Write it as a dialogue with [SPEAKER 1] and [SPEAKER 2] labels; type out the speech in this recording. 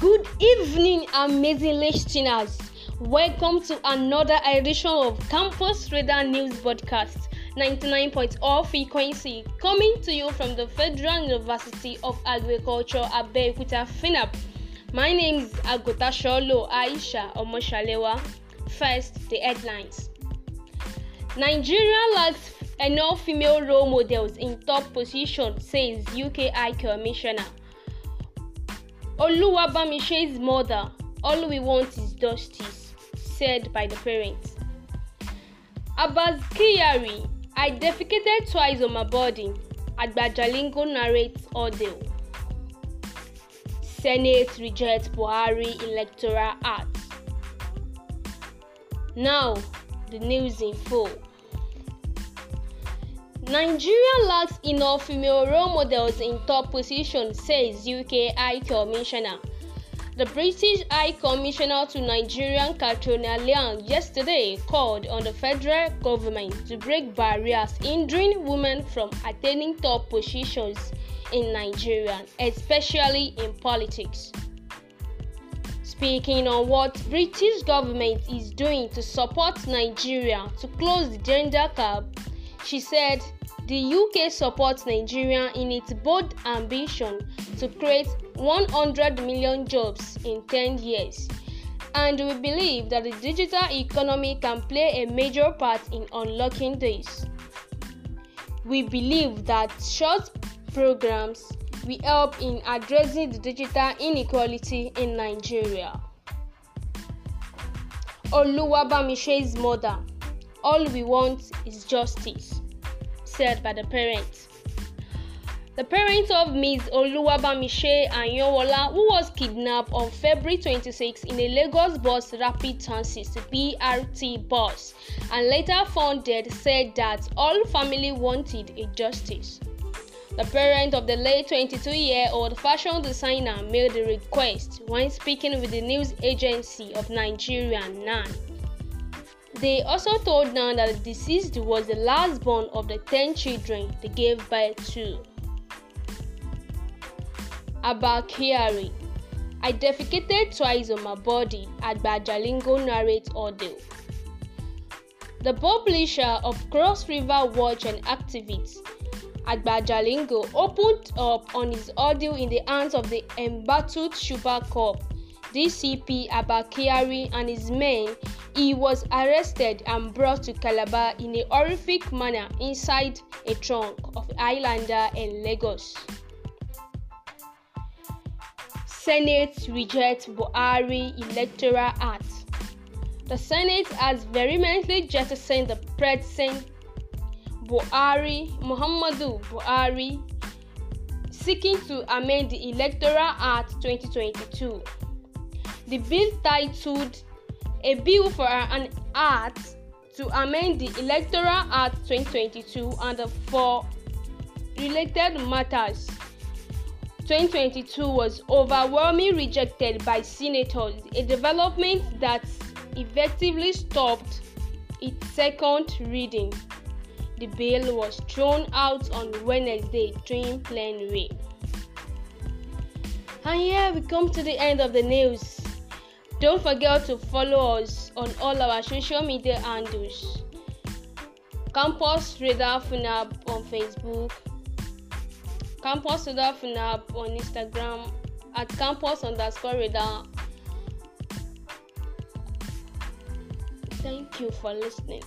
[SPEAKER 1] Good evening, amazing listeners. Welcome to another edition of Campus Radar News Podcast 99.0 frequency, coming to you from the Federal University of Agriculture, Abeokuta, FINAP. My name is Agota Sholo Aisha Omoshalewa. First, the headlines. Nigeria lacks enough female role models in top position, says UK Commissioner. Oluwabamishe's mother, all we want is justice, said by the parents. Abbas Kyari, I defecated twice on my body, Agbajalingo narrates ordeal. Senate rejects Buhari electoral act. Now, the news in full. Nigeria lacks enough female role models in top positions, says UK High Commissioner. The British High Commissioner to Nigerian Katrina Liang yesterday called on the federal government to break barriers hindering women from attaining top positions in Nigeria, especially in politics. Speaking on what British government is doing to support Nigeria to close the gender gap, she said the UK supports Nigeria in its bold ambition to create 100 million jobs in 10 years. And we believe that the digital economy can play a major part in unlocking this. We believe that short programs will help in addressing the digital inequality in Nigeria. Oluwabamishe's mother, all we want is justice. adopted by the parents. The parents of Ms. Oluwabamiche Anyanwola, who was kidnapped on February 26 in a Lagos bus rapid transit BRT bus and later found dead, said that all family wanted a justice. The parent of the late 22-year-old fashion designer made the request when speaking with the news agency of Nigeria 9. They also told Nan that the deceased was the last born of the 10 children they gave birth to. Abakiari I defecated twice on my body, at Bajalingo narrates audio. The publisher of Cross River Watch and Activists, Bajalingo opened up on his audio in the hands of the embattled Super Corps DCP Abakari and his men, he was arrested and brought to Calabar in a horrific manner inside a trunk of Islander in Lagos. Senate rejects Buhari Electoral Act. The Senate has vehemently jettisoned the President Buhari Muhammadu Buhari seeking to amend the Electoral Act 2022. The bill titled A Bill for an Act to amend the Electoral Act 2022 and for related matters 2022 was overwhelmingly rejected by senators, a development that effectively stopped its second reading. The bill was thrown out on Wednesday during plenary. And here we come to the end of the news. Don't forget to follow us on all our social media handles. Campus Radar Funab on Facebook, Campus Radar Funab on Instagram, at Campus underscore Radar. Thank you for listening.